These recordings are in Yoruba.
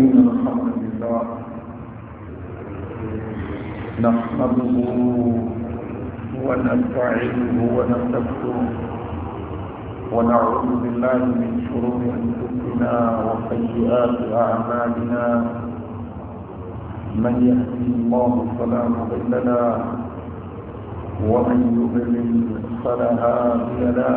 إن الحمد لله نحمده ونستعينه ونستغفره ونعوذ بالله من شرور أنفسنا وسيئات أعمالنا من يهدي الله فلا مضل له ومن يضلل فلا هادي له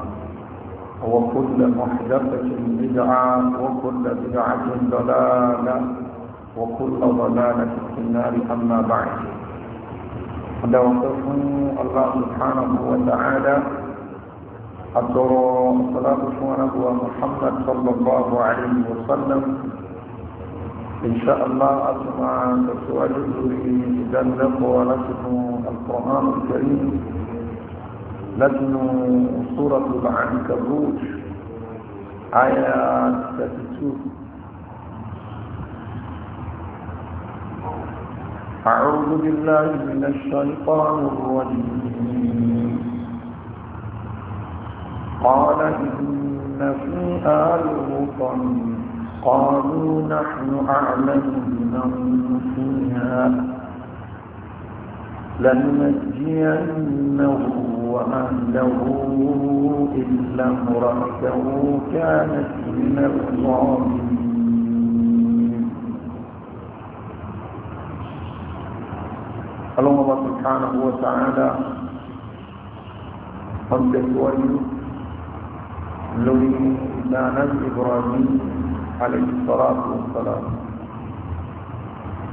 وكل محدثة بدعة وكل بدعة ضلالة وكل ضلالة في النار أما بعد دوقف الله سبحانه وتعالى أدر الصلاة سبحانه محمد صلى الله عليه وسلم إن شاء الله أسمع تسؤال لذي إذا لقوا لكم القرآن الكريم لكن بعد العنكبوت آية 32 أعوذ بالله من الشيطان الرجيم قال إن في آل وطن قالوا نحن أعلم بمن فيها لننجينه وأهله إلا امرأته كانت من الظالمين الله سبحانه وتعالى قد الولي لولي إبراهيم عليه الصلاة والسلام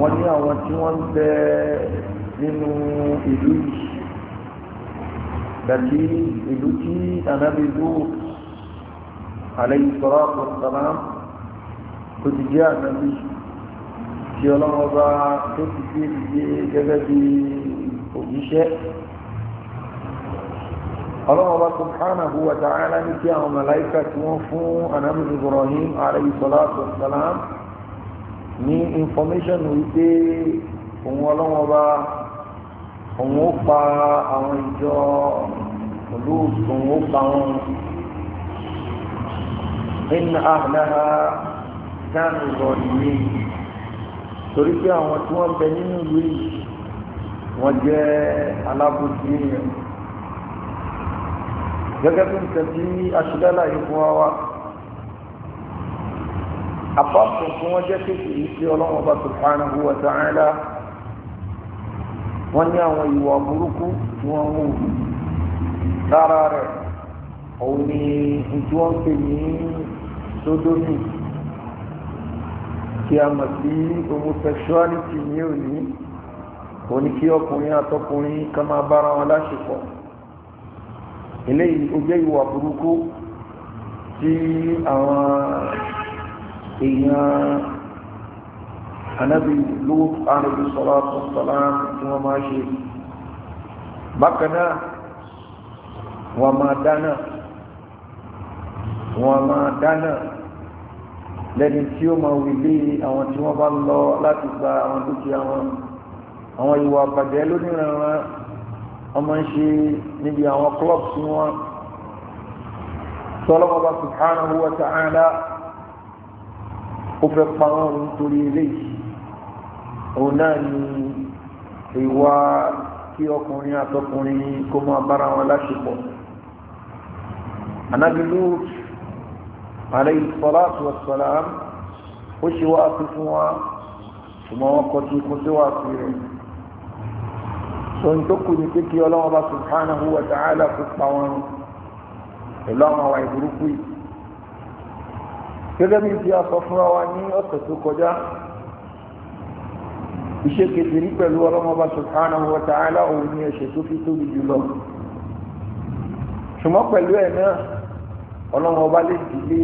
wọ́n ní àwọn tí wọ́n ń bẹ nínú ìlú yìí dàbí ìlú tí ànábì Lut alayhi salatu wassalam tó ti jẹ́ ànábì tí ọlọ́wọ́ bá tó ti gbé ìdíje gẹ́gẹ́ bí òjíṣẹ́ الله سبحانه وتعالى نتيا وملائكة وفو أنام إبراهيم عليه الصلاة والسلام ní information wípé òun ọlọ́wọ́n bá òun ó pa àwọn ìjọ pẹ̀lú òun ó pa wọn inna ahlaha kánú lọ ìwé torí pé àwọn tí wọ́n bẹ nínú ìwé wọ́n jẹ́ alábòsí èèyàn gẹ́gẹ́ bí nǹkan tí aṣọ́dálà yìí fún wa wá apáàpọ̀ tí wọ́n jẹ́ kékeré sí ọlọ́run ọba subhanahu wa ta'ala wọ́n ní àwọn ìwà burúkú tí wọ́n ń wù lára rẹ̀ òun ni tí wọ́n ń pè ní sodomi kí a mọ̀ sí homosexuality ní òní òun ni kí ọkùnrin àtọkùnrin kan máa bára wọn láṣepọ̀ eléyìí ó jẹ́ ìwà burúkú tí àwọn èèyàn anábì lóòt àrùbí sọ́látọ̀ sọ́lám tí wọ́n máa ṣe bákanáà wọ́n máa dáná wọ́n máa dáná lẹ́ni tí ó máa wílé àwọn tí wọ́n bá lọ láti gba àwọn dúkìá wọn àwọn ìwà àbàjẹ́ lóníranran ọmọ ń ṣe níbi àwọn clubs wọn sọ́lọ́mọba subhanahu wa ta'ala ó fẹ́ pa wọ́n rún torí eléyìí òun náà ni ìwà kí ọkùnrin àtọkùnrin kó máa bára wọn láṣepọ̀ Ànábì Lut alayhi salatu wassalam ó ṣe wá sí fún wa ṣùgbọ́n wọn kọ tí kún sí wá sí rẹ̀ sọ̀n tó kù ní pé kí Ọlọ́hun Ọba subhanahu wa ta'ala kó pa wọn pẹ̀lú àwọn àwà ìburúkú yìí gẹ́gẹ́ bí ti a sọ fúnra wa ní ọ̀sẹ̀ tó kọjá ìṣe kejìrí pẹ̀lú ọlọ́mọba subhanahu wa ta'ala òun ni ẹ̀ṣẹ̀ tó fi tóbi jùlọ ṣùgbọ́n pẹ̀lú ẹ̀ náà ọlọ́mọba lè dìde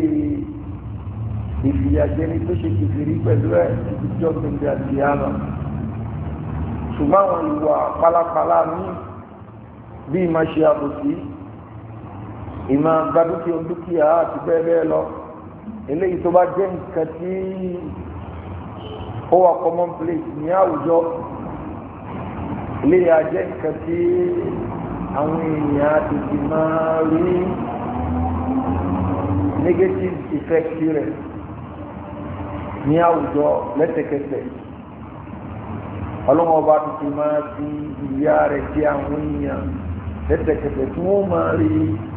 ìfìyàjẹni tó ṣe kejìrí pẹ̀lú ẹ̀ títí jọ gbẹ̀ngẹ̀ àti àná ṣùgbọ́n àwọn ìwà pálapàla ní bí ìmọ̀ ṣe àbòsí ìmọ̀ gbadúkìá àti bẹ́ẹ̀ bẹ́ẹ̀ lọ eléyìí tó bá jẹ́ nǹkan tí ó wà common place ní àwùjọ eléyìí á jẹ́ nǹkan tí àwọn èèyàn tètè máa rí negative effect rẹ̀ ní àwùjọ lẹ́sẹ̀kẹsẹ̀ ọlọ́wọ́ bá tètè máa fi ìyá rẹ̀ jẹ́ àwọn èèyàn lẹ́sẹ̀kẹsẹ̀ tí wọ́n máa rí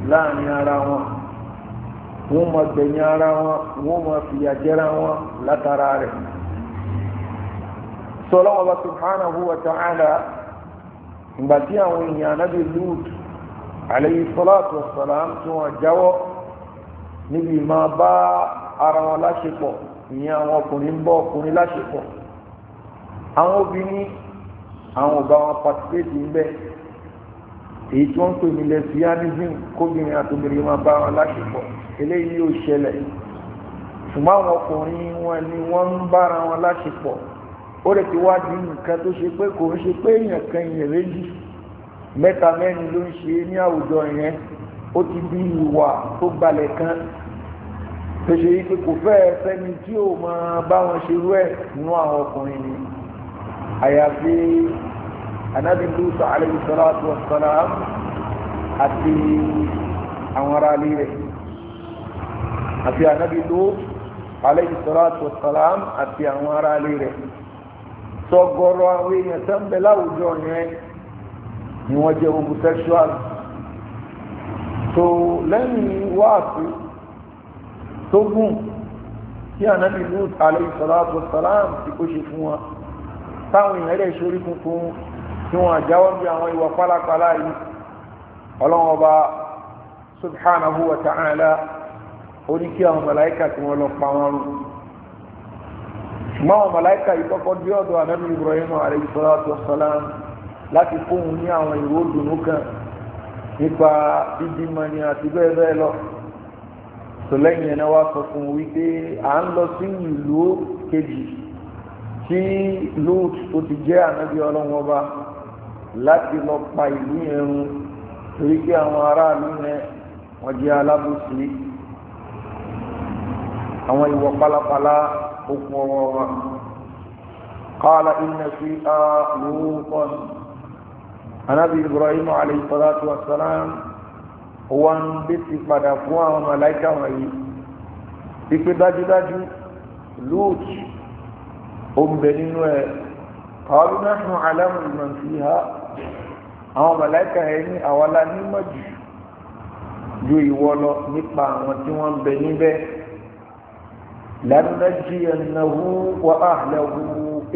láàrin ara wọn. wọ́n máa gbẹ̀yìn ara wọn wọ́n máa fìyà jẹra wọn látara rẹ̀ sọlọ́wọ́ bá wa ta'ala ìgbà tí àwọn èèyàn anábì Lut alayhi salatu wa salam tí wọ́n jáwọ́ níbi bá ara wọn láṣepọ̀ ìyẹn àwọn ọkùnrin ń bọ́ ọkùnrin láṣepọ̀ àwọn obìnrin àwọn ọba wọn participate ń bẹ́ẹ̀ èyí tí wọ́n ń pè ní lesbianism kóbìnrin àtòbìnrin máa bá wọn láṣepọ̀ eléyìí yóò ṣẹlẹ̀ ṣùgbọ́n àwọn ọkùnrin wọn ni wọ́n ń bára wọn láṣepọ̀ ó lè ti wá di nǹkan tó ṣe pé kò ń ṣe pé èèyàn kan èèyàn méjì mẹ́ta mẹ́rin ló ń ṣe ní àwùjọ yẹn ó ti di ìwà tó gbalẹ̀ kan tó ṣe pé kò fẹ́ sẹ́ni tí ò máa bá wọn ṣerú ẹ̀ nínú àwọn ọkùnrin ni àyàfi anabi lutu alayhi salatu wa salam àti àwọn ará ilé rẹ̀ àti anabi lutu alayhi salatu wa salam àti àwọn ará ilé rẹ̀ sọgọrọ àwọn èèyàn tó ń bẹ láwùjọ yẹn ni wọ́n jẹ́ homosexual tó lẹ́yìn wáàsí tó gùn tí ànábì Lut alayhi salatu wa salam ti kó ṣe fún wa táwọn èèyàn rẹ̀ ṣorí funfun tí wọ́n jáwọ́ bí àwọn ìwà pálapàla yìí ọlọ́wọ́n ọba subhanahu wa ta'ala ó ní kí àwọn màláíkà tí wọ́n lọ pa wọn rú ṣùgbọ́n àwọn màláíkà yìí kọ́kọ́ dé ọ̀dọ̀ ànábì Ibrahim alayhi salatu wa salam láti fóun ní àwọn ìró dùnú kan nípa bíbímọ ni àti bẹ́ẹ̀ bẹ́ẹ̀ lọ sọlẹ́yìn ẹ̀nà wa sọ fún wípé à ń lọ sí ìlú kejì tí lóòtù tó ti jẹ́ ànábì ọlọ́wọ́n ọba láti lọ pa ìlú ẹrun torí pé àwọn aráàlú rẹ wọn jẹ alábòsí àwọn ìwọ pálapàla okùn ọwọ́ wa qala inna fiha Lutan anabi ibrahim alayhi salatu wa salam wọn bí ti padà fún àwọn màláìka wọ̀nyí ipe dájúdájú lóòtù ó ń bẹ nínú ẹ qalu nahnu alamu liman fiha. àwọn màláíkà yẹn ní àwọn alánímọ̀ jù ju ìwọ lọ nípa àwọn tí wọ́n bẹ níbẹ̀ lánàá jí ẹnáwó wà áhàlẹ́wò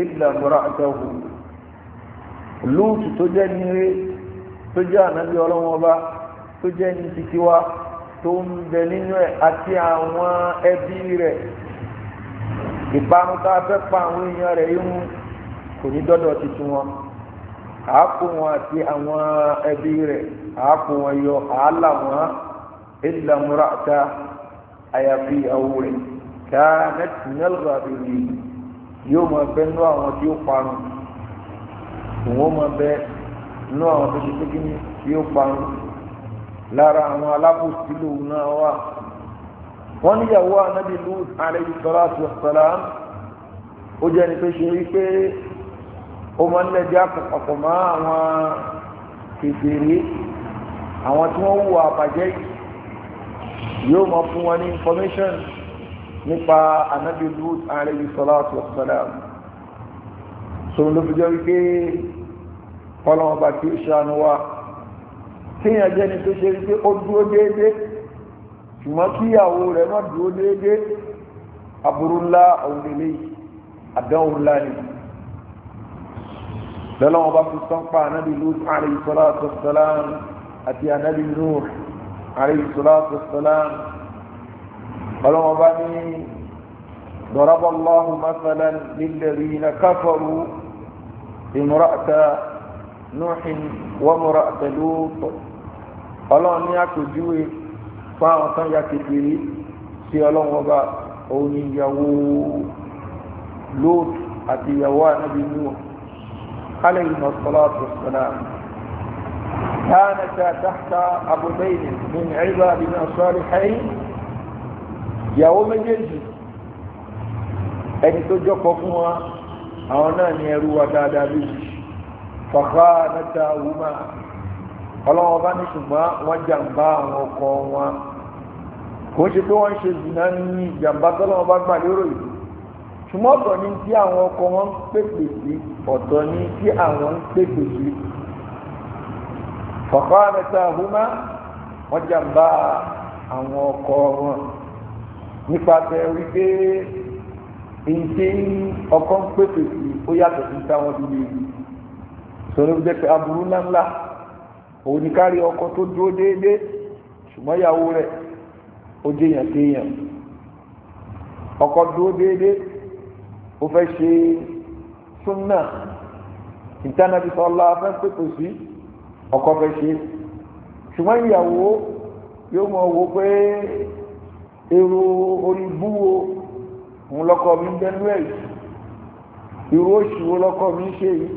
ilẹ̀ àmúra àtẹ̀wò lóòtù tó jẹ́ nílé tó jẹ́ ànábì ọlọ́wọ́n bá tó jẹ́ ní títí wá tó ń bẹ nínú ẹ̀ àti àwọn ẹbí rẹ̀ tá a fẹ́ pa àwọn èèyàn rẹ̀ yìí mú kò ní dọ́dọ̀ wọn. àápò wọn àti àwọn ẹbí rẹ̀ àápò wọn yọ àálà wọn illa murata àyàfi ìyàwó rẹ̀ ká nẹ́tìnẹ́lì ràbìrì yóò máa bẹ nú àwọn tí ó parun òun máa bẹ nú àwọn tó tí ó parun lára àwọn alábòsí náà wà wọ́n níyàwó anábì lùd alayhi salatu wassalam ó jẹ́ ní pé ṣe wípé ó máa ń lẹ́jọ́ àpòpọ̀ mọ́ àwọn kékeré àwọn tí wọ́n wù àbàjẹ́ yóò máa fún wọn ní information nípa anabi lut alayhi salatu wa salam sọ̀rọ̀ ló fi jẹ́ wípé ọlọ́wọ́n bá kí ó ṣàánú wa kíyàn jẹ́ ni tó ṣe wípé ó dúró déédé ṣùgbọ́n kíyàwó rẹ̀ má dúró déédé aburú ńlá òun lè lè àdánwò ńlá nìyí lọ́lọ́wọ́ bá fi sọ́npa anábì lut alayhi salatu wassalam àti anábì nuh alayhi salatu wassalam ọlọ́wọ́ bá ní ضرب الله مثلا للذين كفروا امرأة نوح وامرأة لوط ọlọ́run ní àpèjúwe fáwọn tán ya kékeré sí ọlọ́run ọba òun ìyàwó lóòtù àti ìyàwó ànábì níwọ̀n عليهما الصلاة والسلام كانتا تحت عبدين من عبادنا الصالحين يوم جيجي ẹni tó jọ́pọ̀ fún wa àwọn náà ni ẹrú wa dáadáa bí fàkà mẹ́ta wùmá ọlọ́wọ́ bá ní ṣùgbọ́n wọ́n jàǹbá àwọn ọkọ wọn kò ń ṣe pé wọ́n ń ṣe zìnà ní jàǹbá tọ́lọ́wọ́ bá gbà lérò yìí ṣùgbọ́n ọ̀tọ̀ ni tí àwọn ọkọ wọn ń pèpè sí ọ̀tọ̀ ni tí àwọn ń pèpè sí. fọ̀kọ́ àmẹ́ta àhúmá wọ́n jàǹbá àwọn ọkọ wọn nípasẹ̀ wípé ìṣe ọkọ ń pèpè sí ó yàtọ̀ sí táwọn ti lè rí sọ̀rọ̀ jẹ́ pé aburú ńláńlá òun ni kárí ọkọ tó dúró déédéé ṣùgbọ́n ìyàwó rẹ̀ ó jẹ́yàn téèyàn ọkọ dúró déédéé ó fẹ́ ṣe súnà ìtànàbí sọlá fẹ́ pèpè sí ọkọ fẹ́ ṣe ṣùgbọ́n ìyàwó yóò mọ̀ wò pé èrò orí búwo òun lọ́kọ mi ń bẹ́nu ẹ̀ yìí irú oṣù wo lọ́kọ mi ń ṣe yìí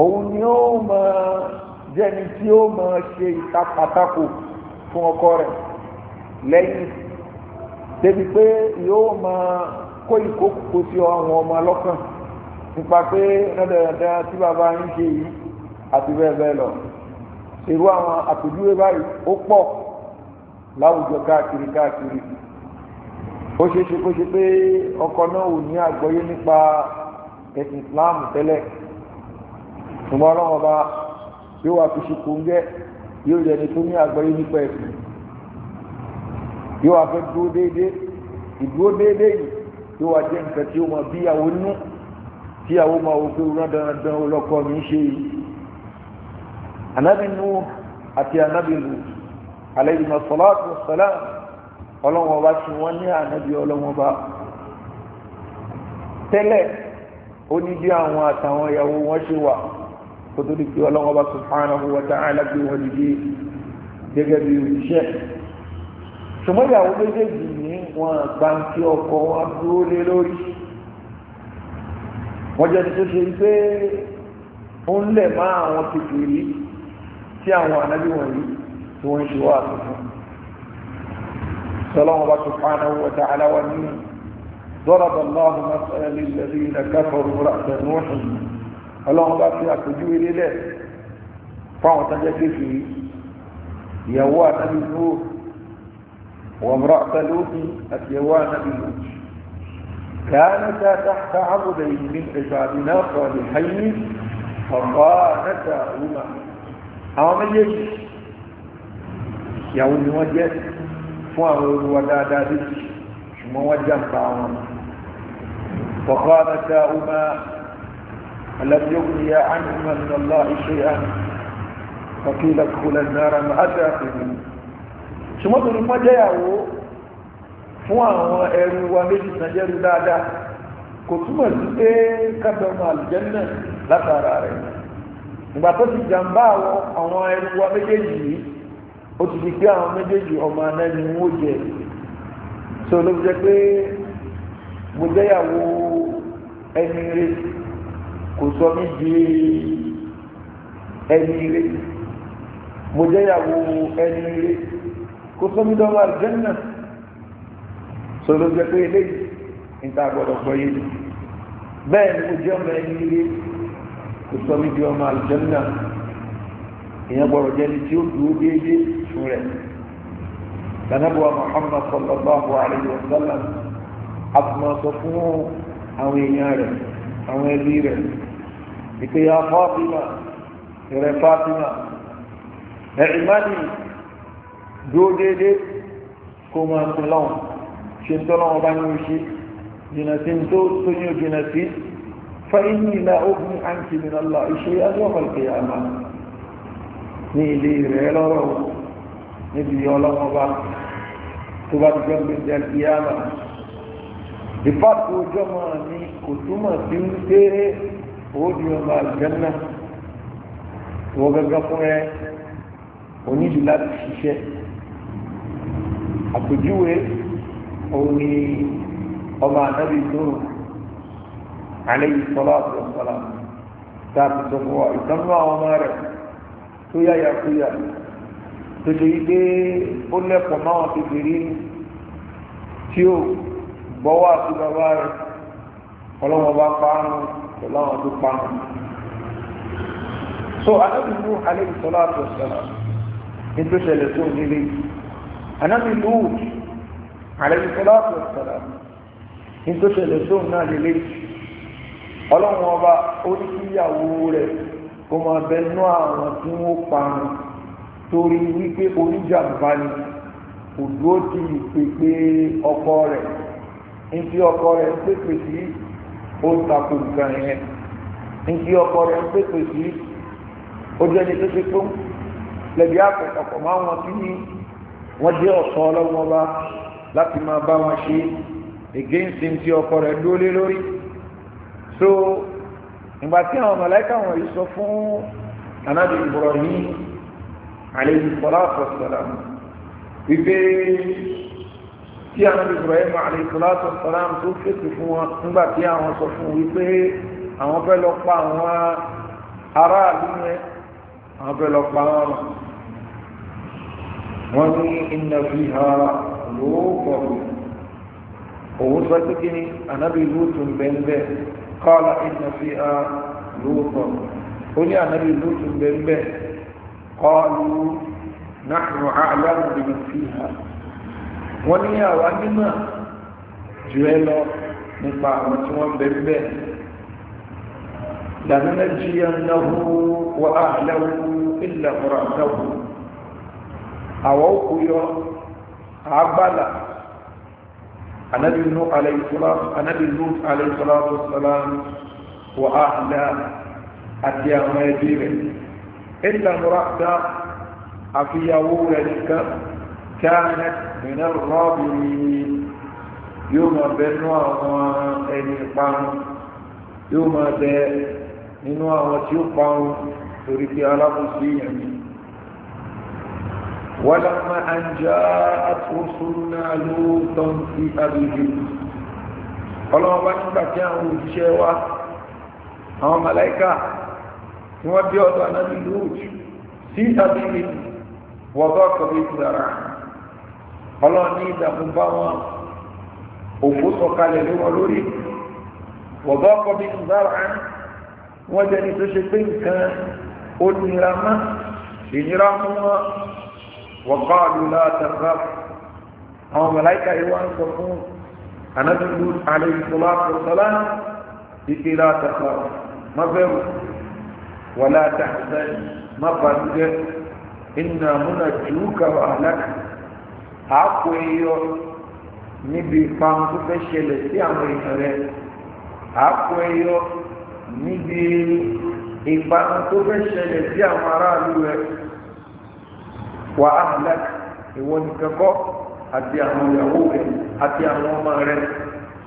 òun ni ó mọ̀ jẹ́ni tí ó mọ̀ ṣe ìtapàtàkù fún ọkọ rẹ̀ lẹ́yìn débi pé yóò máa kó ìkókò sí àwọn ọmọ lọ́kàn nípa pé rẹ́dẹ̀rẹ́dẹ́ tí bàbá ń ṣe yìí àti bẹ́ẹ̀ bẹ́ẹ̀ lọ irú àwọn àpèjúwe báyìí ó pọ̀ láwùjọ káàkiri káàkiri ó ṣe ṣe kó ṣe pé ọkọ náà ò ní àgbọ́yé nípa ẹ̀sìn Islam tẹ́lẹ̀ ṣùgbọ́n ọlọ́run ọba yóò wá fi ṣùkú ń gẹ́ yóò jẹ́ni tó ní àgbọ́yé nípa ẹ̀sìn yóò wá fẹ́ dúró déédéé ìdúró déédéé yìí yóò wá jẹ́ nǹkan tí ó máa bí ìyàwó nú tí ìyàwó máa wò pé rán dandan ọlọ́kọ mi ṣe yìí anabi nu àti anabi lu alayhi salatu wa salam ọlọ́wọ́n bá ṣe wọ́n ní ànábi ọlọ́wọ́n bá tẹ́lẹ̀ ó ní bí àwọn àtàwọn ìyàwó wọn ṣe wà kó tó di pé ọlọ́wọ́n bá subhanahu wa ta'ala gbé wọn dìde gẹ́gẹ́ bí òṣìṣẹ́ ṣùgbọ́n ìyàwó méjèèjì ní wọn gbàǹtí ọkọ wọn dúró lé lórí wọ́n jẹ́ ní tó ṣe pé ó ń lẹ̀ máa àwọn kékeré tí àwọn ànábì wọ̀nyí tí wọ́n ń ṣe wá àtúntún sọlọ́wọ́n bá tó fáná wọ́n ta aláwọ̀ ní ضرب الله مثلا للذين كفروا رأس نوح ọlọ́run bá وامرأة لوط أتيوان بلوط كانتا تحت عبدين من عبادنا صالحين فخانتاهما عمل يجي يوم وجد فاول ودادا بك شما وجد طعاما فخانتاهما لم يغنيا عنهما من الله شيئا فقيل ادخل النار مع الداخلين ṣùgbọ́n tó ní wọ́n jẹ́yàwó fún àwọn ẹrù wa méjì nàìjẹ́rù dáadáa kò túmọ̀ sí pé kábẹ́ọ̀mù àlùjẹ́nà látara rẹ̀ ìgbà tó ti jàǹbá àwọn ẹrù wa méjèèjì yìí ó ti di pé àwọn méjèèjì ọmọ anẹ́ni wó jẹ so ló jẹ pé mo jẹ́yàwó ẹni rẹ̀ kò sọ mí di ẹni rẹ̀ mo jẹ́yàwó ẹni rẹ̀. kó sómi dọ́wọ́ àlùjẹ́nà sọ̀rọ̀ jẹ́ pé eléyìí níta gbọ́dọ̀ gbọ́ yé mi bẹ́ẹ̀ ni mo jẹ́ ọmọ ẹni ilé kó sómi di ọmọ àlùjẹ́nà ìyẹn gbọ́dọ̀ jẹ́ ni tí ó dúró déédéé fún rẹ̀ lànàbọ̀ Muhammad sallallahu alayhi wa sallam àtùmọ̀sọ fún àwọn èèyàn rẹ̀ àwọn ẹbí rẹ̀ ìpè ya Fatima ìrẹ̀ Fatima ẹ̀ ìmánìí. dúró déédéé kó máa sin lọ́wọ́ ṣe ń tọ́lọ́wọ́ bá ní oṣù jìnnà sí ń tó tóyún jìnnà sí fẹ́yìn ìlà ogun àǹtí min Allah ìṣe azọ́fà kìyàmá ní ilé rẹ̀ lọ́rọ̀ níbi ọlọ́wọ́ bá tó bá ti gbọ́n gbèsè kìyàmá ìfàkó ọjọ́ máa ní kò túmọ̀ sí ń pé òdi ọba àjẹ́nà wọ́n gẹ́gẹ́ fún ẹ onídìí láti ṣiṣẹ́ àpèjúwe òun ni ọba ànábì lóru àlẹ́yìn sọlá àti ọ̀sọ̀lá tá a ti sọ fún wa ìtọ́nú àwọn ọmọ rẹ̀ tó yáyà kúyà tó ṣe wípé ó lẹ́pọ̀ máwọn kékeré tí ó gbọ́wọ́ àti bàbá rẹ̀ ọlọ́wọ́ bá pàánù pẹ̀lú àwọn tó pàánù. so ànábì lóru àlẹ́yìn sọlá àti ọ̀sọ̀lá ṣẹlẹ̀ tó nílé yìí anábì lúùd àlẹ́bíṣẹ́lá ọ̀sọ̀rọ̀ ní tó ṣẹlẹ̀ sóun náà lélẹ́ ọlọ́run ọba ó ní kíyàwó rẹ̀ kó máa bẹnú àwọn tí wọ́n parun torí wípé oníjàmbá ni kò dúró di ìpèpè ọkọ rẹ̀ ní ọkọ rẹ̀ ń pèpè sí ó ń takò nǹkan yẹn ní wọ́n jẹ́ ọ̀tọ̀ ọlọ́wọ́n bá láti máa bá wọn ṣe against him tí ọkọ rẹ̀ dúró lé lórí so ìgbà tí àwọn mọ̀láìkà wọ̀nyí sọ fún anábì Ibrahim alayhi salatu wassalam wípé tí anábì Ibrahim alayhi salatu wassalam tó fèsì fún wọn nígbà tí àwọn sọ fún wípé àwọn fẹ́ lọ pa àwọn aráàlú yẹn àwọn fẹ́ lọ pa wọn wọ́n ní iná fi ha lóòpọ̀ òun sọ pé kí ni ànábì lóòtù ń bẹ́ńbẹ́ kọ́ọ̀lá iná fi ha lóòpọ̀ ó ní ànábì lóòtù ń bẹ́ńbẹ́ kọ́ọ̀lù náà àlàmù bìí fi ha wọ́n ní àwa mímọ̀ jù ẹ lọ nípa àwọn tí wọ́n bẹ̀rẹ̀ lànàjíyànnáwó wà áhàláwó ìlàmùràntáwó àwọ̀ òkú yọ àbálà anábìnú aláìsọ́látọ̀ sàlámù wà áhàlá àti àwọn ẹbí rẹ̀ ìlà mọ́ráta àfihàwó rẹ̀ nìkan kánà mìíràn rọ́bìnrin yóò máa bẹnu àwọn ẹni parun yóò máa bẹ nínú àwọn tí ó parun torí pé alábòsí ولما أن جاءت رسلنا لوطا في أبيهم ọlọ́wọ́ bá nígbà tí àwọn òṣìṣẹ́ wa àwọn màláíkà tí wọ́n bí ọ̀dọ̀ ànábì lóòjù sí àbílẹ̀ wọ́dọ̀ ọ̀kọ̀bí dára ọlọ́wọ́ ní ìdààmú bá wọn òfó sọ̀kalẹ̀ lé wọn lórí wọ́dọ̀ ọ̀kọ̀bí dára wọ́n jẹ́ ní tó ṣe pé nǹkan ó nira mọ́ ìnira mú wọn وقالوا لا تخاف أو ملائكة إيوان صفون أنبي لوط عليه الصلاة والسلام إذ لا تخاف ما بر ولا تحزن ما بر إنا منجوك وأهلك أقوي níbi نبي tó fẹ́ ṣẹlẹ̀ sí àwọn èèyàn rẹ̀ àpò ẹyọ níbi ìparun وأهلك يوني كنكو أتي أمو يهوك أتي أمو مغرب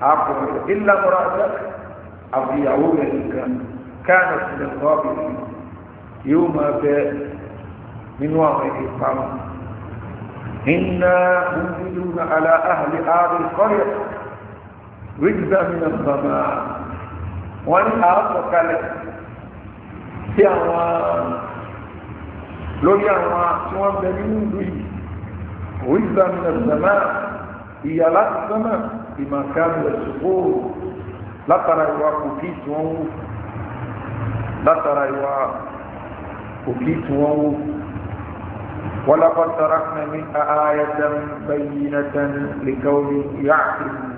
أقول إلا مرأتك أبي يهوك كان كانت من الضابط يوم في من وامه الطعام إنا منزلون على أهل آب القرية رجزة من السماء وأنا أطلق لك في lórí àwọn tí wọ́n bẹ nínú ìlú yìí òwúzà mi nàìjíríà ìyà láti sánà ìmọ̀kánu ẹ̀sùnkó látara ìwà òkè tí wọ́n wù látara ìwà òkè tí wọ́n wù ولقد تركنا منها آية بينة لقوم يعقلون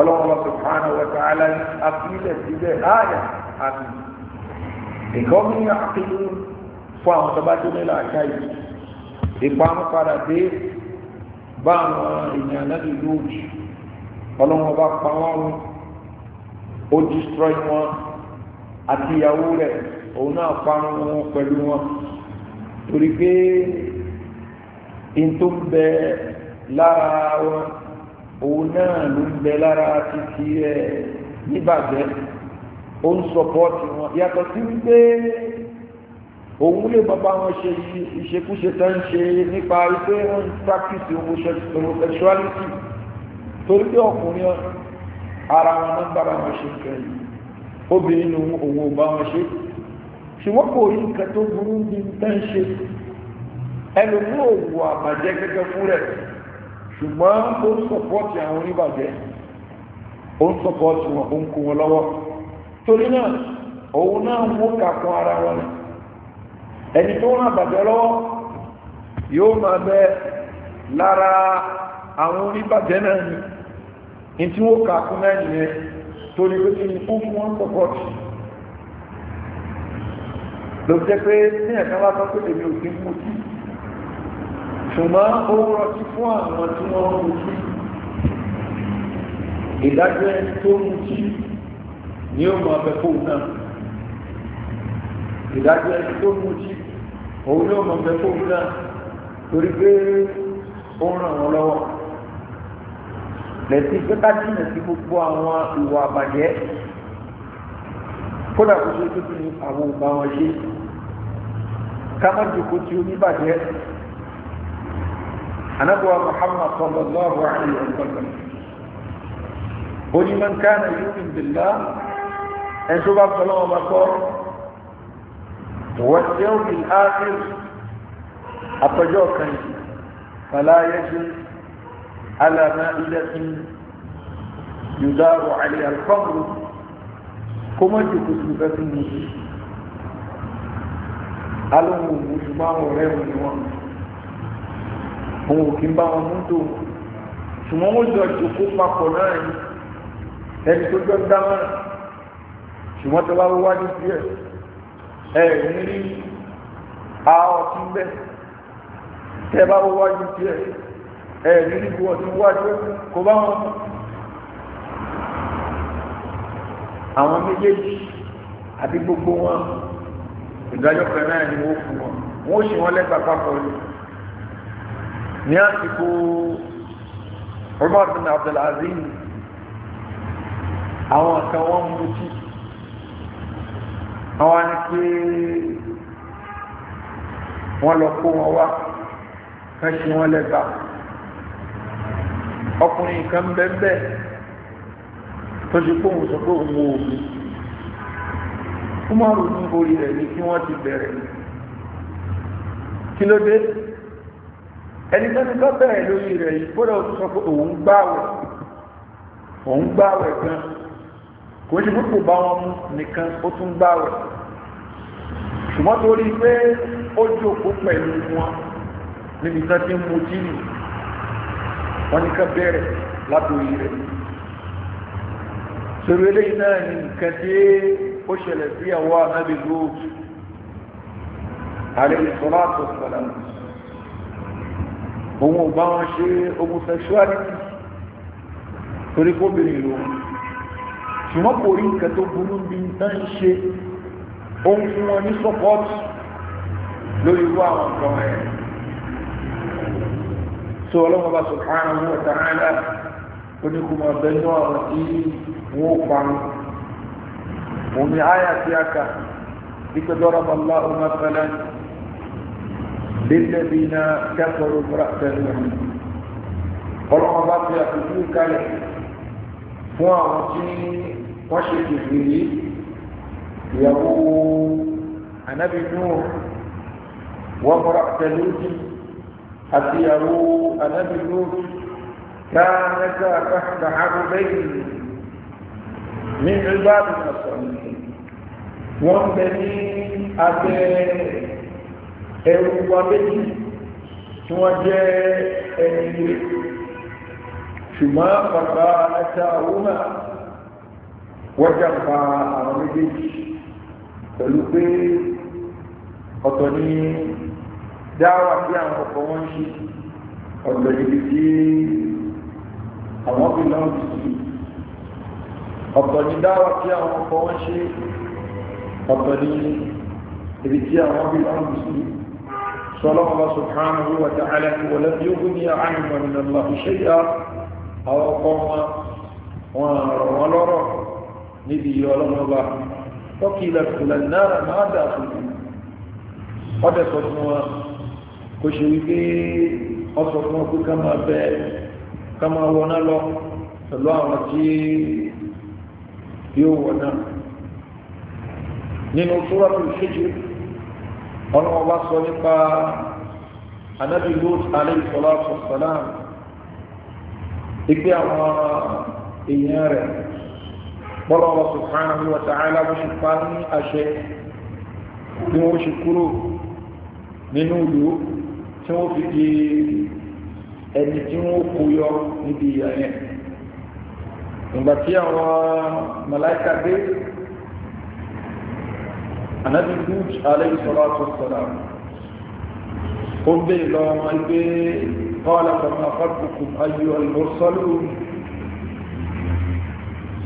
ọlọ́wọ́ subhanahu wa ta'ala ní àfihàn síbẹ̀ láàyà àmì ìkọ́mí àkíyàn kọ́ àwọn tó bá tó nílò àká yìí ìparun padà dé bá àwọn èèyàn náà lóòjì ọlọ́wọ́n bá pa wá wọn ó destroy wọn àti ìyàwó rẹ̀ òun náà parun wọn pẹ̀lú wọn torí pé in ń bẹ lára wọn òun náà ló ń bẹ lára títí ẹ níbàjẹ́ ó ń sọpọ́ọ̀tì wọn yàtọ̀ sí wípé òun lè bàbá wọn ṣe ìṣekúṣe tó ń ṣe nípa wípé wọ́n ń practice homosexuality torí pé ọkùnrin ara wọn náà bára wọn ṣe nǹkan yìí obìnrin nu òun ò bá wọn ṣe ṣùgbọ́n kò rí nǹkan tó burú bí tán ṣe ẹlòmí òwò àbàjẹ́ gẹ́gẹ́ fún rẹ̀ ṣùgbọ́n ó ń sọ̀pọ́ọ̀tì àwọn oníbàjẹ́ ó ń sọ̀pọ́ọ̀tì wọn ó ń kó wọn lọ́wọ́ torí náà òun náà ń wó kàkún ara wọn rẹ̀ ẹni tó ràn bàjẹ́ lọ́wọ́ yóò máa bẹ lára àwọn oníbàjẹ́ náà ni ní tí wọ́n kà kún náà nìyẹn tó ní pé kí ni fún fún wọn kọ̀kọ́ tì ló jẹ́ pé ní ẹ̀ka bá sọ pé èmi ò sí mú sí ṣùgbọ́n ó rọtí fún àwọn tí wọ́n mú sí ìdájọ́ ẹni tó mú sí ni ó máa bẹ fóun náà ìdájọ́ ẹni tó mú sí òun yóò mọ̀ fẹ́ fóun náà torí pé ó ń ràn wọ́n lọ́wọ́ lẹ́sìn pé ká jìnnà sí gbogbo àwọn ìwà àbàjẹ́ kódà kó ṣe tó ní àwọn ọba wọn ṣe ká má jòkó tí ó ní bàjẹ́ anabuwa muhammad sallallahu alaihi wa sallam onímọ̀ nǹkan ayélujára ẹ̀ṣọ́ bá fọlọ́wọ́ bá kọ́ واليوم الآخر أتجوكا فلا يجب على مائدة يدار عليها الخمر كما تكتب في المسجد ألم مجمع ريم نوان هو كم بقى منتو ṣùgbọ́n ó jọ ìjòkó papọ̀ náà ni ẹni tó jọ dámọ̀ràn ṣùgbọ́n tó bá wájú díẹ̀ ẹ̀yìn rí àwọn tí ń bẹ́ tẹ́ bá wọ́n wájú tí ẹ̀ ẹ̀yìn rí bí wọ́n ti wájú kò bá wọn àwọn méjèèjì àti gbogbo wọn ìdájọ́ kan náà ni wọ́n fún wọn wọ́n ṣe wọ́n lẹ́gbàá papọ̀ ni ní àsìkò Umar bin Abdul àwọn kan mú títí àwọn ni kí wọ́n lọ kó wọn wá kán ṣe wọ́n lẹ́gbàá ọkùnrin kan bẹ́ẹ̀ tó ṣe pé òun sọ pé òun wo omi kúmọ̀rù ní orí rẹ̀ ní kí wọ́n ti bẹ̀rẹ̀ kí ló dé ẹni tó ní kọ́ lórí rẹ̀ yìí kó lọ́ọ́ sọ pé òun gbáwẹ̀ òun gbáwẹ̀ gan-an kò ṣe pé kò bá wọn mú nìkan ó tún gbá rẹ̀ ṣùgbọ́n torí pé ó jókòó pẹ̀lú wọn níbi tán ti ń mu jíìnì wọn nìkan bẹ̀rẹ̀ látòrí rẹ̀ sọ̀rọ̀ eléyìí náà ni nǹkan tí ó ṣẹlẹ̀ sí àwọn anábì lóòtù àlejò sọlá àtọ̀sọ̀lá òun ò bá wọn ṣe homosexuality torí kóbìnrin lòun ṣùgbọ́n kò rí nǹkan tó burú bí n tán ṣe ohun fún wọn ní sọ́pọ́tì lórí irú àwọn nǹkan ẹ̀ so ọlọ́mọ bá subhanahu wa ta'ala oníkùnmọ̀ ọ̀bẹ ní ọ̀rọ̀ tí wọ́n parun òun ni àyà tí a kà ike dọ́rọ̀bà Allahu mathalan lilladhina kafaru imra'ata Nuh ọlọ́mọ bá fi àpèjú kalẹ̀ fún àwọn tí wọ́n ṣe kìfìrí ìyàwó anábì Nuh wọ́n mọ́ra pẹ̀lú jù àti ìyàwó anábì Nuh káàkiri àkàkà àrùn lẹ́yìn ní ìbáàdì àsọ̀rọ̀ wọ́n bẹ ní abẹ́ ẹrù wa tí wọ́n jẹ́ ẹni ṣùgbọ́n bàbá ẹ̀ta òun náà wọ́n jàǹfà àwọn méjèèjì pẹ̀lú pé ọ̀tọ̀ ní dáwà sí àwọn ọkọ̀ wọn ṣe ọ̀tọ̀ níbi tí àwọn fi náà bì sí ọ̀tọ̀ ní dáwà sí àwọn ọkọ̀ wọn ṣe ọ̀tọ̀ ní ibi tí àwọn fi náà bì sí sọlọ́mọba subhanahu wa ta'ala ni wọlé tí ó kú ní àánú mọ̀mìnà lọ́fíṣẹ́ yá àwọn wọn wọn rọ̀ wọn lọ́rọ̀ níbi ìyọ ọlọ́mọba tọ́kì ilẹ̀kùnlẹ̀ náà máa dà fún ọdẹ sọ fún wa kò ṣe wípé ọsọ fún ọkú ká máa bẹ ká máa wọná lọ pẹ̀lú àwọn tí yóò wọná nínú Suratul Hijr ọlọ́mọba sọ nípa anabi Lut alayhi salatu wassalam ìpé àwọn èèyàn rẹ̀ bọ́lá wa subhanahu wa ta'ala bó ṣe pa ní àṣẹ tí wọ́n ṣe kúrò nínú ìlú tí wọ́n fi di ẹni tí wọ́n kó yọ níbi ìyá yẹn àwọn màláíkà dé anabi Hud alayhi salatu ó gbé lọ́wọ́ ẹgbẹ́ qala fama khatbukum ayyuhal mursalun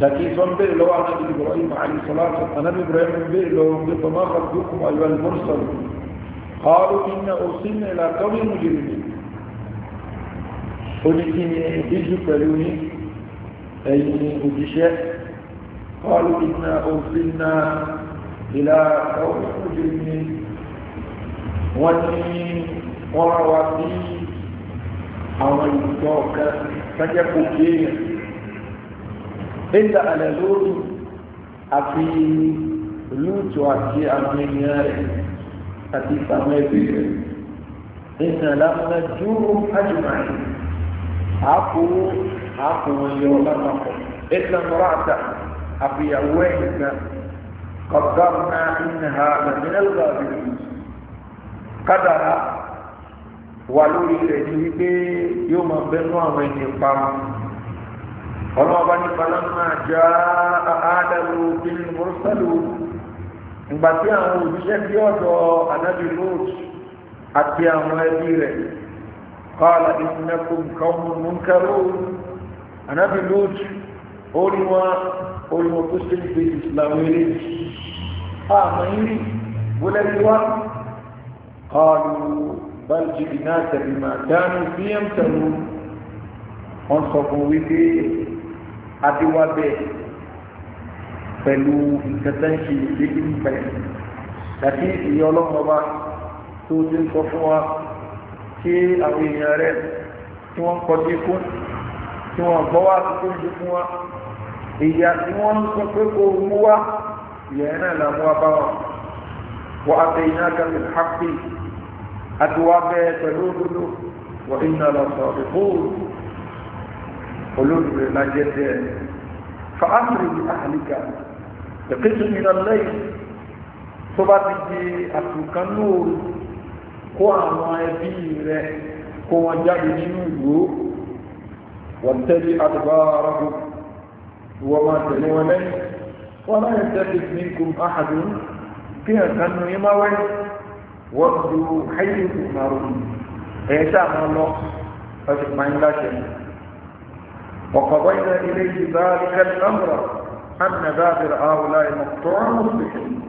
لكن سوف نبير لو عن نبي إبراهيم عليه الصلاة والسلام نبي إبراهيم نبير لو فما ربكم أيها المرسل قالوا إنا أرسلنا إلى قوم مجرمين ولكن يجب فلوني أي أجشاء قالوا إنا أرسلنا إلى قوم مجرمين وني ورواتي أو يتوكل فجأة كيف nígbà alẹ́ lórí àfi lúùtù àti àwọn ènìyàn rẹ̀ àti ìfàwọn ẹbí rẹ̀ nígbà lámúná dúró ájùmáì àákòwò àákòwò yọ lápapọ̀ nígbà mọ́ra àtà àfihàwó ẹ̀yìn kan kọ̀gbọ́nà ìnáhà lẹ́mìnàlùbà bìbí kádàrá wà lórí rẹ̀ ní wípé yóò máa bẹ́nu àwọn ènìyàn pa ọlọ́ọ̀bá ní falamma jaa ádámù bíi mùrúsálù ìgbà tí àwọn òṣìṣẹ́ bí ọ̀dọ̀ anábì lóòtù àti àwọn ẹbí rẹ̀ qala innakum qawmun munkarun anábì lóòtù orí wọn orí wọn tó ṣe ń pe ìsìlámù eré àmọ́ yìí wọlé wá قالوا بل جئناك بما كانوا فيه wọ́n sọ fún wípé àti wá bẹ́ẹ̀ pẹ̀lú ìtẹ̀sẹ̀ǹsì lẹ́yìn pẹ̀ àti ìyẹn ọlọ́run ọba tó ti ń sọ fún wa kí àwọn èèyàn rẹ̀ tí wọ́n kọjú fún tí wọ́n gbọ́ wá tó kọjú fún wa ìyá tí wọ́n sọ pé kò mú wá ìyẹn náà là wa bá wọn wọ́n á tẹ̀yìn náà kàtó hàpì àti wá bẹ́ẹ̀ pẹ̀lú òdodo wọ́n ń lọ sọ̀rọ̀ olóògbé lájẹ́ tẹ́ ẹ̀ fàásìrì àhàlìkà ẹ̀kẹ́tù mìíràn lẹ́yìn tó bá ti di àtùkán lóòrù kó àwọn ẹbí rẹ kó wọn jáde nínú ìlú wọ́n tẹ́lẹ̀ àdùbá ara kù wọ́n máa tẹ̀lé ń tẹ́lẹ̀ ní وقضينا إليه ذلك الأمر أن دابر هؤلاء مقطوع مصبحين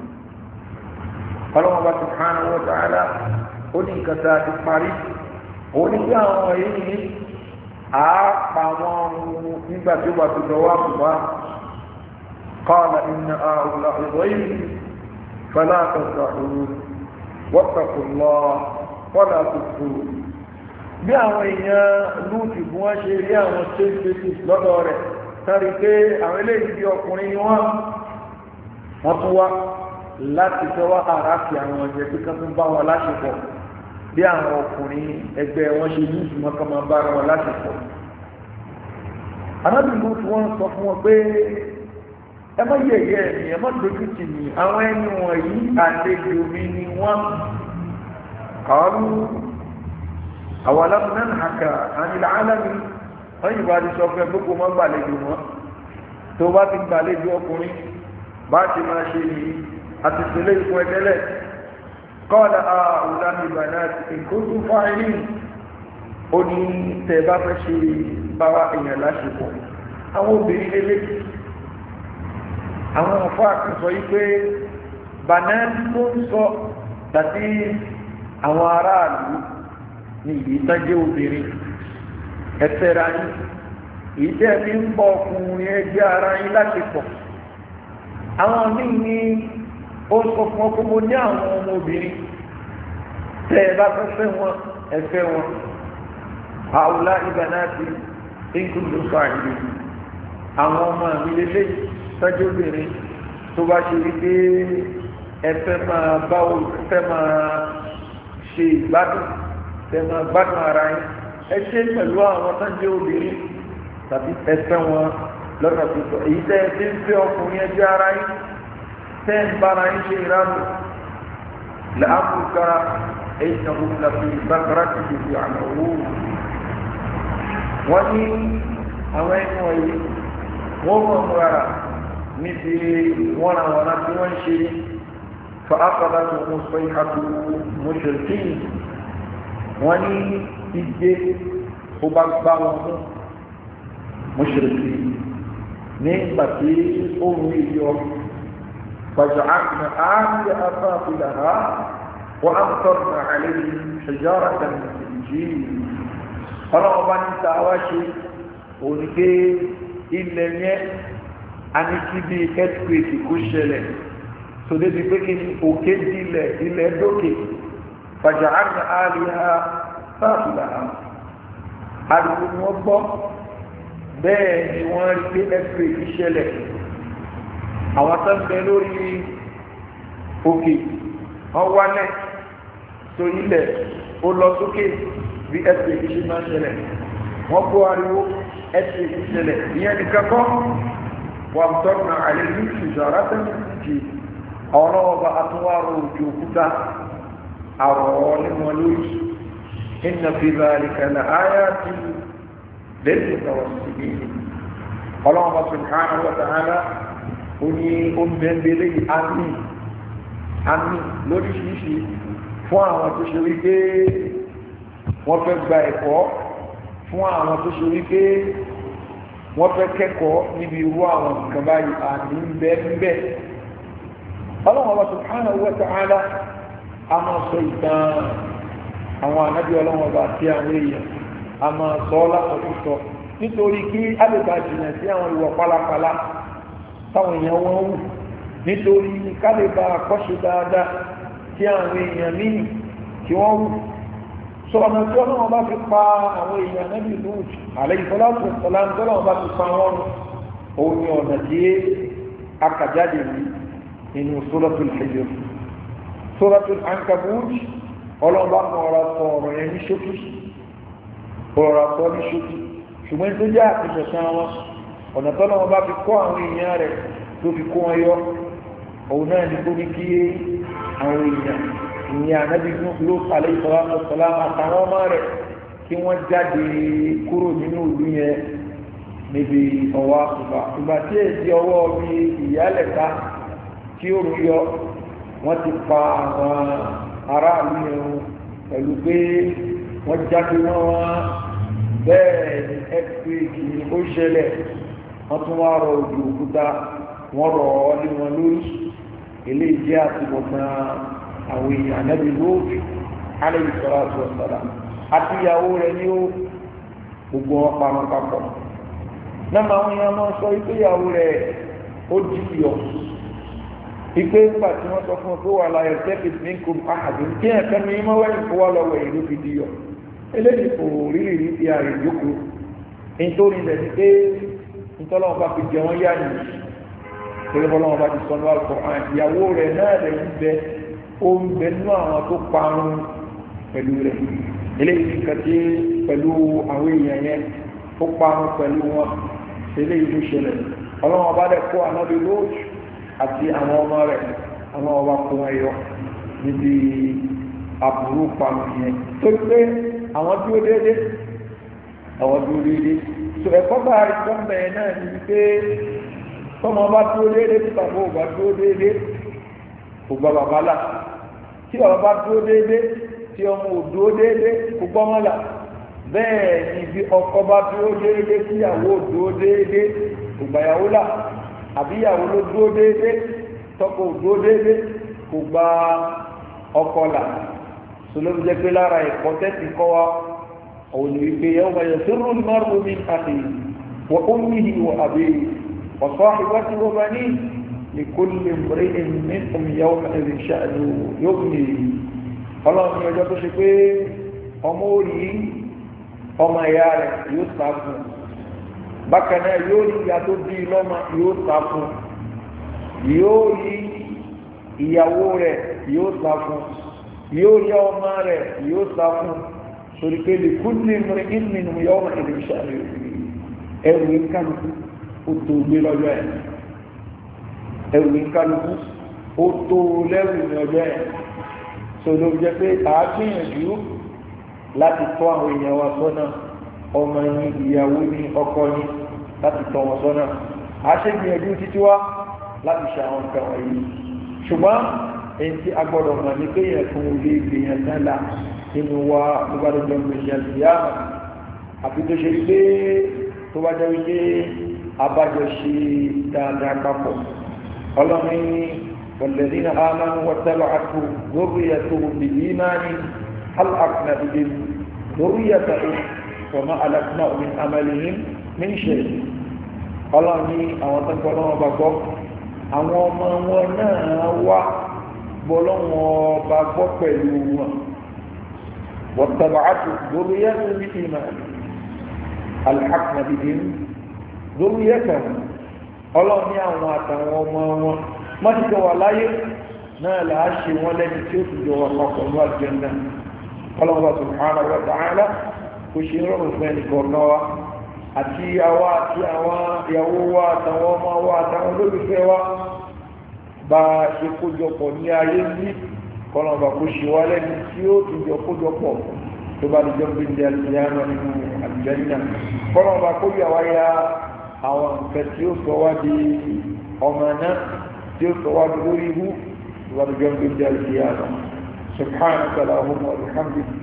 قال الله سبحانه وتعالى قل كتاب الطريق قل يا ويلي أعطوا نبا جوا بجواب قال إن هؤلاء غيري فلا تفضحون واتقوا الله ولا تفضحون bí àwọn èèyàn lúùtì bí wọ́n ṣe rí àwọn state lọ́dọ̀ rẹ̀ sáré pé àwọn eléyìí ọkùnrin ni wọ́n wọ́n tún wá láti fẹ́ wá àràfì àwọn ọ̀jẹ̀ pé kán tún bá wọn láṣepọ̀ bí àwọn ọkùnrin ẹgbẹ́ wọn ṣe lúùtì wọn kán máa bá wọn láṣepọ̀. anábì lúùtì wọn sọ fún wọn pé ẹ àwọn alámúná àkà ànílà álámi wọ́n yìí bá ti sọ fẹ́ gbogbo máa gbàlejò wọn tó bá ti gbàlejò ọkùnrin bá ti máa ṣe yìí àti sílé ikú ẹgbẹ́lẹ̀ kọ́ọ̀lá àwùdá ní ìbàdà ìkótó fáìlì ó ní tẹ̀ bá fẹ́ ṣe báwa èèyàn láṣepọ̀ ní ìyí tán jẹ́ obìnrin ẹ̀fẹ́ra yín èyí tẹ́ ẹ fi ń bọ ọkùnrin ẹgbẹ́ ara yín láti pọ̀ àwọn míì ní ó sọ fún ọkọ mo ní àwọn ọmọbìnrin tẹ́ ẹ bá fẹ́ fẹ́ wọn ẹ̀fẹ́ wọn àwòlá ìbànáàtì ìkùnlù fàáyé àwọn ọmọ mi lélẹ́ tọ́jú obìnrin tó bá ṣe wípé ẹ fẹ́ máa bá fẹ́ máa ṣe ìgbádùn tẹ̀mọ̀ gbádùn ara yín ẹ ṣe pẹ̀lú àwọn tó ń jẹ́ obìnrin tàbí ẹsẹ̀ wọn lọ́nà tuntun èyí tẹ́ ẹ ti ń fẹ́ ọkùnrin ẹjẹ́ ara yín tẹ́ ń bára yín ṣe ìránù làákùnkara èyí tó ń lọ sí ìbákara ti di àná owó wọ́n ní àwọn ẹni wọ̀nyí wọ́n mọ̀ mọ́ níbi wọ́n àwọn ará tí wọ́n ṣe fa ápàdánù mú sọ ìhàtú mú wọ́n ní igbe ó bá gbá wọn fún mọ́ṣẹ̀lẹ̀kì nígbà tí ó ń rí yọ فجعلنا عالية أفاقلها وأمطرنا عليهم حجارة من سجيل ọlọ́wọ́ bá ní tàwa ṣe òní ilẹ̀ yẹn a kí bí earthquake kó ṣẹlẹ̀ sódé pé kí ni òkè dilẹ̀ ilẹ̀ dókè fàjàárì àríyá sáàfìlàhà ariwo ni wọ́n gbọ́ bẹ́ẹ̀ ni rí pé x-ray àwọn tó lórí òkè wọ́n náà so ilẹ̀ ó lọ sókè bí x-ray máa ṣẹlẹ̀ wọ́n gbọ́ ariwo x-ray ìyẹn nìkan kọ́ wà tọ́nà àlejò òjò òkúta. àwọ̀wọ́lé wọn lórí iná fi bá àríkànà ayá ti lẹ́sìn náà sí bí i ọlọ́run ọ̀sùn káàkiri wọ́tàhálà ó ní ombẹ̀mbẹ̀lẹ̀ àmì àmì lóríṣiríṣi fún àwọn tó ṣe wípé wọ́n fẹ́ gba ẹ̀kọ́ fún àwọn a máa sọ ìtàn àwọn ànábì ọlọ́wọ́n bá tí àwọn èèyàn a máa sọ ọ́ látọ̀tọ̀ nítorí kí alùpàá jìnnà sí àwọn ìwà pálapàla táwọn èèyàn wọn wù nítorí kálíbà kọ́ṣe dáadáa tí àwọn èèyàn míì tí wọ́n wù sọ ọ̀nà tí ọlọ́wọ́n bá fi pa àwọn èèyàn nábì lù àlẹ́ ìfọláṣọ ìfọláṣọ bá fi pa wọn òun ni ọ̀nà tí akàjáde yìí nínú suratul Hijr suratul ankabut ọlọ́ba kan ọ̀rọ̀ sọ ọ̀rọ̀ yẹn ní ṣókí ọ̀rọ̀ sọ ní ṣókí ṣùgbọ́n tó jẹ́ àtìṣẹ̀ṣán wọn ọ̀nà tọ́lọ́ wọn bá fi kọ́ àwọn èèyàn rẹ̀ tó fi kó wọn yọ òun náà ní kó ní kí àwọn èèyàn ìyẹn ànábì ló sàlẹ̀ ìsọ̀rọ̀ sọ̀lá àtàwọn ọmọ rẹ̀ kí wọ́n jáde kúrò nínú ìlú yẹn níbi ọwọ́ àkùbà ìgbà tí èdè ọwọ́ bíi ìyálẹ̀ta tí ó rú yọ wọ́n ti pa àwọn aráàlú yẹn pẹ̀lú pé wọ́n jáde wọ́n wá bẹ́ẹ̀ ni ó ṣẹlẹ̀ wọ́n tún wá rọ òjò òkúta wọ́n rọ ọ́ ní wọn lórí eléyìí àwọn èèyàn àti gbogbo àwọn èèyàn máa sọ ìgbéyàwó rẹ ó ìpé ńgbà tí wọ́n sọ fún ọ pé wà láyọ̀ tẹ́kì ní kò àhàdùn kí ẹ̀kẹ́ mi mọ́ wẹ́yìn kó wá lọ́wọ́ ìlú fi di yọ eléyìí kò rí lè ní ti àrè yòókù nítorí ilẹ̀ ní pé ntọ́lọ́wọ́n bá fi jẹ wọ́n yá nìyí torí bọ́lọ́wọ́n bá ti sọ ní wàlùkọ́ ìyàwó rẹ̀ náà rẹ̀ ń bẹ ó ń bẹ nínú àwọn tó parun pẹ̀lú rẹ̀ eléyìí kàtí pẹ̀lú àwọn èèyàn yẹn ó parun àti àwọn ọmọ rẹ̀ àwọn ọba kò wọ́n yọ níbi àbúrú pàmì yẹn tó pé àwọn dúró déédéé àwọn dúró déédéé tó ẹ̀kọ́ bá àríkọ́ mẹ́rin náà ní pé tọ́mọ bá dúró déédéé tí bàbá ò bá dúró déédéé kò gbọ́ bàbá là tí bàbá bá dúró déédéé tí ọmọ ò dúró déédéé kò gbọ́ mọ́ là bẹ́ẹ̀ ni bí ọkọ bá dúró déédéé tíyàwó ò dúró déédéé kò gbàyàwó là àbíyàwó ló dúró déédé tọkọ dúró déédé kò gba ọkọ là sọlọ́mù jẹ́ pé lára ẹ̀kọ́ tẹ́sí kọ́ wa òun ni wípé yẹ́wọ́ bá yẹ sírú márùn mi àti wà ó ní ìwà àbí ọ̀sọ́ ìwádìí wọ́n bá ní ìkólé mọ̀rẹ́ ẹ̀mí ẹ̀mí yẹ́wọ́ bá ẹ̀rì ṣáàlú yóò ní ọlọ́run ní ọjọ́ tó ṣe pé ọmọ òrì ọmọ ìyá rẹ̀ yóò sá bákan náà yóò rí ìyá tó bí i lọ́mọ yóò sá fún yóò rí ìyàwó rẹ̀ yóò sá fún yóò rí ọmọ rẹ̀ yóò sá fún torí pé lè kú ní ìmúrin ìmìnú yọ ọmọ ìlú ìṣàlẹ̀ ẹrù ìkálukú ó tó gbé lọ́jọ́ ẹ̀ ẹrù ìkálukú ó tó lẹ́rù lọ́jọ́ ẹ̀ sọlọ́ jẹ́ pé àá gbìyànjú láti tọ́ àwọn èèyàn wa sọ́nà. So, ọmọ ni ìyàwó ni ọkọ ni láti tọ́ wọn sọ́nà a ṣe gbìyànjú títí wá láti ṣe àwọn nǹkan wọ̀nyí ṣùgbọ́n èyí tí a gbọ́dọ̀ mọ̀ ní pé yẹn fún olè gbìyànjú náà nínú wa ló bá dọ́jọ́ gbìyànjú yára àfi tó ṣe pé tó bá jẹ́ wípé abájọ ṣe dáadáa papọ̀ ọlọ́run ní والذين آمنوا واتبعتهم ذريتهم بالإيمان هل أقنع بهم ذريتهم fọmọ alákùnà omi amẹ́lẹ́yìn ní ìṣẹ̀lẹ̀ ọlọ́run ní àwọn tó ń gbọ́ lọ́wọ́ bá gbọ́ àwọn ọmọ wọn náà wá gbọ́ lọ́wọ́ bá gbọ́ pẹ̀lú wọn wọ́n tàbí àti lórí ẹ̀sìn ní ìmọ̀ alhakna bìbí lórí ẹ̀sìn ọlọ́run ní àwọn àtàwọn ọmọ wọn mọ́tìkọ̀ wà láyé náà làá ṣe wọn lẹ́ni tí ó fi jọ wọn papọ̀ ní àjẹ́ náà ọlọ́run bá sọ̀rọ̀ kò ṣe rọrùn fún ẹnì kọ̀ọ̀kan wa àti àwa àti àwọn ìyàwó wa àtàwọn ọmọ wa àtàwọn olólùfẹ́ wa bá a ṣe kójọpọ̀ ní ayé ní kọlọ̀mbà kò ṣe wá lẹ́nu tí ó tún jọ kójọpọ̀ tó bá dijọ́ gbé ní alìyáná nínú àbíjẹ́nà kọlọ̀mbà kó yà ya àwọn nǹkan tí ó sọ wá di ọmọ náà tí ó sọ wá di lórí ihu tó bá dijọ́ gbé ní alìyáná subhanahu wa ta'ala wa rahmatulahi.